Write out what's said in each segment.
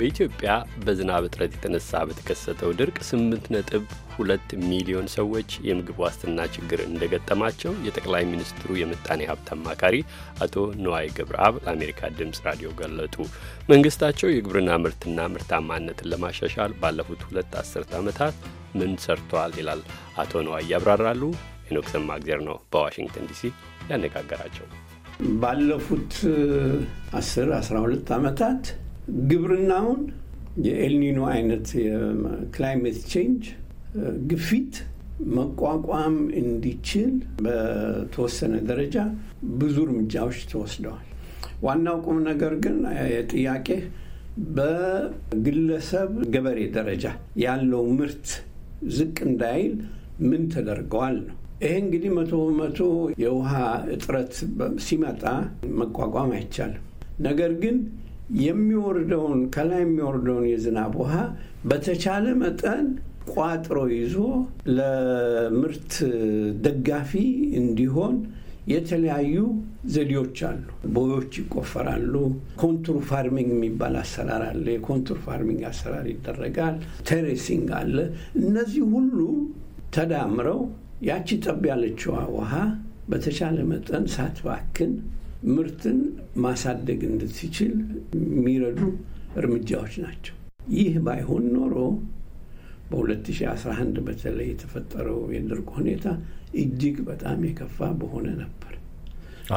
በኢትዮጵያ በዝናብ እጥረት የተነሳ በተከሰተው ድርቅ 8 ነጥብ ሚሊዮን ሰዎች የምግብ ዋስትና ችግር እንደገጠማቸው የጠቅላይ ሚኒስትሩ የምጣኔ ሀብት አማካሪ አቶ ነዋይ ገብረአብ ለአሜሪካ ድምፅ ራዲዮ ገለጡ። መንግስታቸው የግብርና ምርትና ምርታማነትን ለማሻሻል ባለፉት ሁለት አስርት ዓመታት ምን ሰርቷል? ይላል አቶ ነዋይ ያብራራሉ። ሄኖክ ሰማእግዜር ነው በዋሽንግተን ዲሲ ያነጋገራቸው። ባለፉት 10 12 ዓመታት ግብርናውን የኤልኒኖ አይነት የክላይሜት ቼንጅ ግፊት መቋቋም እንዲችል በተወሰነ ደረጃ ብዙ እርምጃዎች ተወስደዋል። ዋናው ቁም ነገር ግን ጥያቄ በግለሰብ ገበሬ ደረጃ ያለው ምርት ዝቅ እንዳይል ምን ተደርገዋል ነው። ይሄ እንግዲህ መቶ በመቶ የውሃ እጥረት ሲመጣ መቋቋም አይቻልም። ነገር ግን የሚወርደውን ከላይ የሚወርደውን የዝናብ ውሃ በተቻለ መጠን ቋጥሮ ይዞ ለምርት ደጋፊ እንዲሆን የተለያዩ ዘዴዎች አሉ። ቦዮች ይቆፈራሉ። ኮንቱር ፋርሚንግ የሚባል አሰራር አለ። የኮንቱር ፋርሚንግ አሰራር ይደረጋል። ቴሬሲንግ አለ። እነዚህ ሁሉ ተዳምረው ያቺ ጠብ ያለችዋ ውሃ በተቻለ መጠን ሳትባክን ምርትን ማሳደግ እንድትችል የሚረዱ እርምጃዎች ናቸው። ይህ ባይሆን ኖሮ በ2011 በተለይ የተፈጠረው የድርቅ ሁኔታ እጅግ በጣም የከፋ በሆነ ነበር።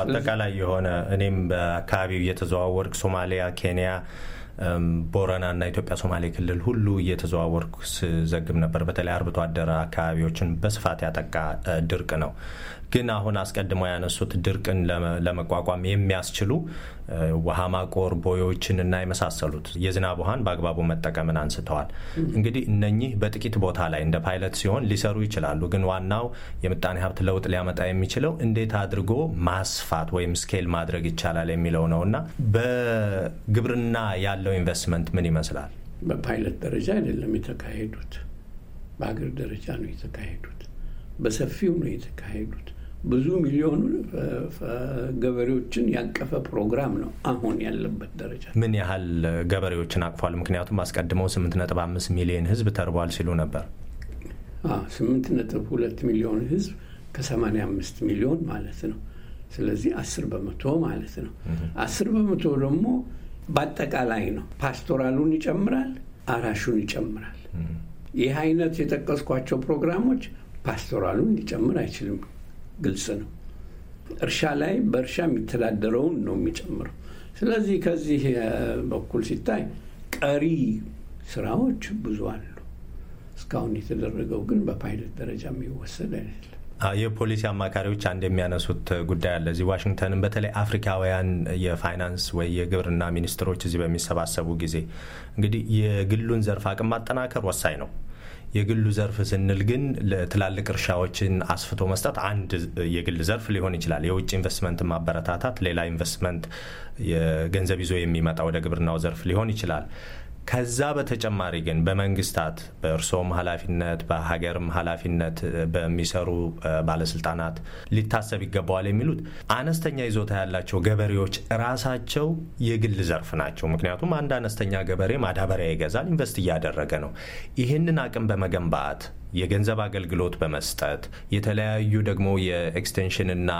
አጠቃላይ የሆነ እኔም በአካባቢው እየተዘዋወርክ ሶማሊያ፣ ኬንያ ቦረና እና ኢትዮጵያ ሶማሌ ክልል ሁሉ እየተዘዋወርኩ ስዘግብ ነበር። በተለይ አርብቶ አደር አካባቢዎችን በስፋት ያጠቃ ድርቅ ነው። ግን አሁን አስቀድመው ያነሱት ድርቅን ለመቋቋም የሚያስችሉ ውሃ ማቆር ቦዮችን እና የመሳሰሉት የዝናብ ውሃን በአግባቡ መጠቀምን አንስተዋል። እንግዲህ እነኚህ በጥቂት ቦታ ላይ እንደ ፓይለት ሲሆን ሊሰሩ ይችላሉ። ግን ዋናው የምጣኔ ሀብት ለውጥ ሊያመጣ የሚችለው እንዴት አድርጎ ማስፋት ወይም ስኬል ማድረግ ይቻላል የሚለው ነው እና በግብርና ያለ ያለው ኢንቨስትመንት ምን ይመስላል? በፓይለት ደረጃ አይደለም የተካሄዱት፣ በሀገር ደረጃ ነው የተካሄዱት። በሰፊው ነው የተካሄዱት። ብዙ ሚሊዮኑ ገበሬዎችን ያቀፈ ፕሮግራም ነው አሁን ያለበት ደረጃ። ምን ያህል ገበሬዎችን አቅፏል? ምክንያቱም አስቀድመው ነጥብ አምስት ሚሊዮን ህዝብ ተርቧል ሲሉ ነበር። ነጥብ ሁለት ሚሊዮን ህዝብ ከ አምስት ሚሊዮን ማለት ነው። ስለዚህ አስር በመቶ ማለት ነው። አስር በመቶ ደግሞ በአጠቃላይ ነው። ፓስቶራሉን ይጨምራል፣ አራሹን ይጨምራል። ይህ አይነት የጠቀስኳቸው ፕሮግራሞች ፓስቶራሉን ሊጨምር አይችልም። ግልጽ ነው። እርሻ ላይ በእርሻ የሚተዳደረውን ነው የሚጨምረው። ስለዚህ ከዚህ በኩል ሲታይ ቀሪ ስራዎች ብዙ አሉ። እስካሁን የተደረገው ግን በፓይለት ደረጃ የሚወሰድ አይደለም። የፖሊሲ አማካሪዎች አንድ የሚያነሱት ጉዳይ አለ። እዚህ ዋሽንግተንም በተለይ አፍሪካውያን የፋይናንስ ወይ የግብርና ሚኒስትሮች እዚህ በሚሰባሰቡ ጊዜ እንግዲህ የግሉን ዘርፍ አቅም ማጠናከር ወሳኝ ነው። የግሉ ዘርፍ ስንል ግን ለትላልቅ እርሻዎችን አስፍቶ መስጠት አንድ የግል ዘርፍ ሊሆን ይችላል። የውጭ ኢንቨስትመንት ማበረታታት ሌላ ኢንቨስትመንት የገንዘብ ይዞ የሚመጣ ወደ ግብርናው ዘርፍ ሊሆን ይችላል። ከዛ በተጨማሪ ግን በመንግስታት በእርሶም ኃላፊነት በሀገርም ኃላፊነት በሚሰሩ ባለስልጣናት ሊታሰብ ይገባዋል የሚሉት አነስተኛ ይዞታ ያላቸው ገበሬዎች ራሳቸው የግል ዘርፍ ናቸው። ምክንያቱም አንድ አነስተኛ ገበሬ ማዳበሪያ ይገዛል፣ ኢንቨስት እያደረገ ነው። ይህንን አቅም በመገንባት የገንዘብ አገልግሎት በመስጠት የተለያዩ ደግሞ የኤክስቴንሽንና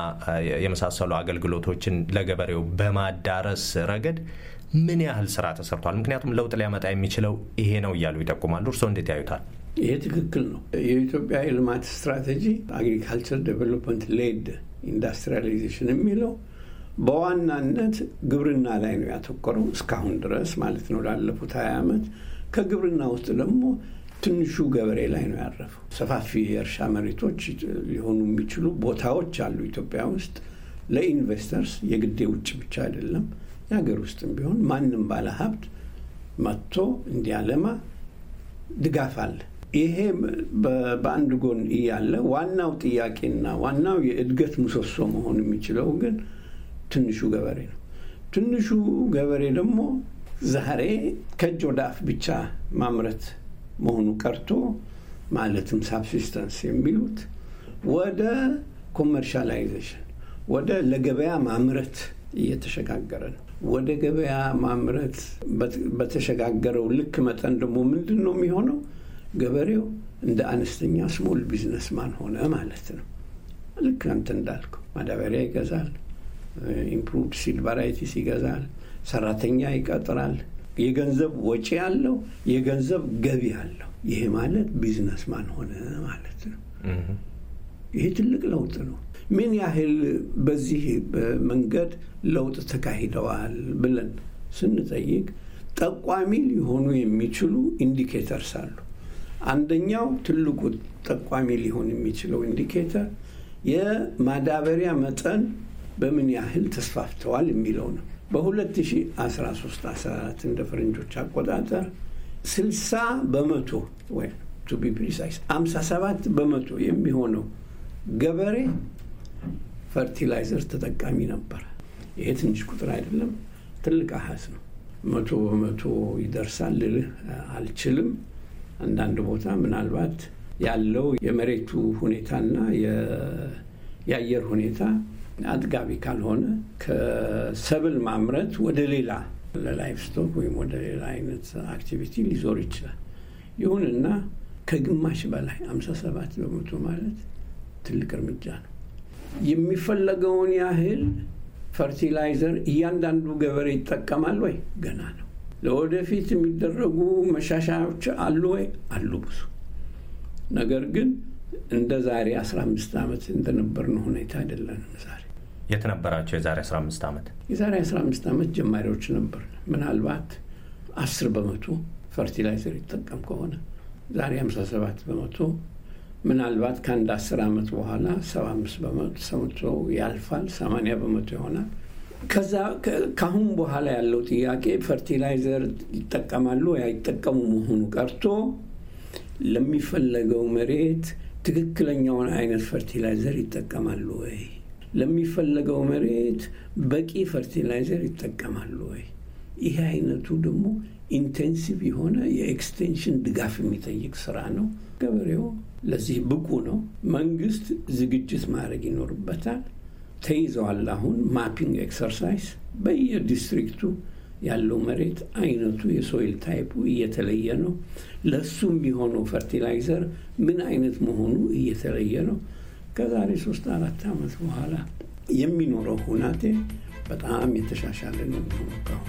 የመሳሰሉ አገልግሎቶችን ለገበሬው በማዳረስ ረገድ ምን ያህል ስራ ተሰርቷል? ምክንያቱም ለውጥ ሊያመጣ የሚችለው ይሄ ነው እያሉ ይጠቁማሉ። እርስዎ እንዴት ያዩታል? ይሄ ትክክል ነው። የኢትዮጵያ የልማት ስትራቴጂ አግሪካልቸር ዴቨሎፕመንት ሌድ ኢንዱስትሪያላይዜሽን የሚለው በዋናነት ግብርና ላይ ነው ያተኮረው እስካሁን ድረስ ማለት ነው ላለፉት ሀያ ዓመት ከግብርና ውስጥ ደግሞ ትንሹ ገበሬ ላይ ነው ያረፈው። ሰፋፊ የእርሻ መሬቶች ሊሆኑ የሚችሉ ቦታዎች አሉ ኢትዮጵያ ውስጥ ለኢንቨስተርስ የግዴ ውጭ ብቻ አይደለም፣ የሀገር ውስጥም ቢሆን ማንም ባለ ሀብት መጥቶ እንዲያለማ ድጋፍ አለ። ይሄ በአንድ ጎን እያለ ዋናው ጥያቄና ዋናው የእድገት ምሰሶ መሆን የሚችለው ግን ትንሹ ገበሬ ነው። ትንሹ ገበሬ ደግሞ ዛሬ ከእጅ ወደ አፍ ብቻ ማምረት መሆኑ ቀርቶ ማለትም ሳብሲስተንስ የሚሉት ወደ ኮመርሻላይዜሽን ወደ ለገበያ ማምረት እየተሸጋገረ ነው። ወደ ገበያ ማምረት በተሸጋገረው ልክ መጠን ደግሞ ምንድን ነው የሚሆነው? ገበሬው እንደ አነስተኛ ስሞል ቢዝነስማን ሆነ ማለት ነው። ልክ አንተ እንዳልከው ማዳበሪያ ይገዛል፣ ኢምፕሩቭድ ሲድ ቫራይቲስ ይገዛል፣ ሰራተኛ ይቀጥራል። የገንዘብ ወጪ አለው፣ የገንዘብ ገቢ አለው። ይሄ ማለት ቢዝነስማን ሆነ ማለት ነው። ይሄ ትልቅ ለውጥ ነው። ምን ያህል በዚህ መንገድ ለውጥ ተካሂደዋል ብለን ስንጠይቅ ጠቋሚ ሊሆኑ የሚችሉ ኢንዲኬተርስ አሉ። አንደኛው ትልቁ ጠቋሚ ሊሆን የሚችለው ኢንዲኬተር የማዳበሪያ መጠን በምን ያህል ተስፋፍተዋል የሚለው ነው። በ2013/14 እንደ ፈረንጆች አቆጣጠር 60 በመቶ ወይ ቱ ቢ ፕሪሳይስ 57 በመቶ የሚሆነው ገበሬ ፈርቲላይዘር ተጠቃሚ ነበረ። ይሄ ትንሽ ቁጥር አይደለም፣ ትልቅ አሀዝ ነው። መቶ በመቶ ይደርሳል ልልህ አልችልም። አንዳንድ ቦታ ምናልባት ያለው የመሬቱ ሁኔታና የአየር ሁኔታ አጥጋቢ ካልሆነ ከሰብል ማምረት ወደ ሌላ ለላይፍ ስቶክ ወይም ወደ ሌላ አይነት አክቲቪቲ ሊዞር ይችላል። ይሁንና ከግማሽ በላይ 57 በመቶ ማለት ትልቅ እርምጃ ነው። የሚፈለገውን ያህል ፈርቲላይዘር እያንዳንዱ ገበሬ ይጠቀማል ወይ? ገና ነው። ለወደፊት የሚደረጉ መሻሻዎች አሉ ወይ? አሉ ብዙ። ነገር ግን እንደ ዛሬ 15 ዓመት እንደነበርነው ሁኔታ አይደለንም። ዛሬ የት ነበራቸው? የዛሬ 15 ዓመት የዛሬ 15 ዓመት ጀማሪዎች ነበር። ምናልባት 10 በመቶ ፈርቲላይዘር ይጠቀም ከሆነ ዛሬ 57 በመቶ ምናልባት ከአንድ አስር ዓመት በኋላ ሰባ አምስት በመቶ ያልፋል፣ ሰማንያ በመቶ ይሆናል። ከዛ ከአሁን በኋላ ያለው ጥያቄ ፈርቲላይዘር ይጠቀማሉ አይጠቀሙ መሆኑ ቀርቶ ለሚፈለገው መሬት ትክክለኛውን አይነት ፈርቲላይዘር ይጠቀማሉ ወይ? ለሚፈለገው መሬት በቂ ፈርቲላይዘር ይጠቀማሉ ወይ? ይሄ አይነቱ ደግሞ ኢንቴንሲቭ የሆነ የኤክስቴንሽን ድጋፍ የሚጠይቅ ስራ ነው። ገበሬው ለዚህ ብቁ ነው። መንግስት ዝግጅት ማድረግ ይኖርበታል። ተይዘዋል። አሁን ማፒንግ ኤክሰርሳይዝ በየዲስትሪክቱ ያለው መሬት አይነቱ የሶይል ታይፑ እየተለየ ነው። ለሱም የሚሆነው ፈርቲላይዘር ምን አይነት መሆኑ እየተለየ ነው። ከዛሬ ሶስት አራት ዓመት በኋላ የሚኖረው ሁናቴ በጣም የተሻሻለ ነው።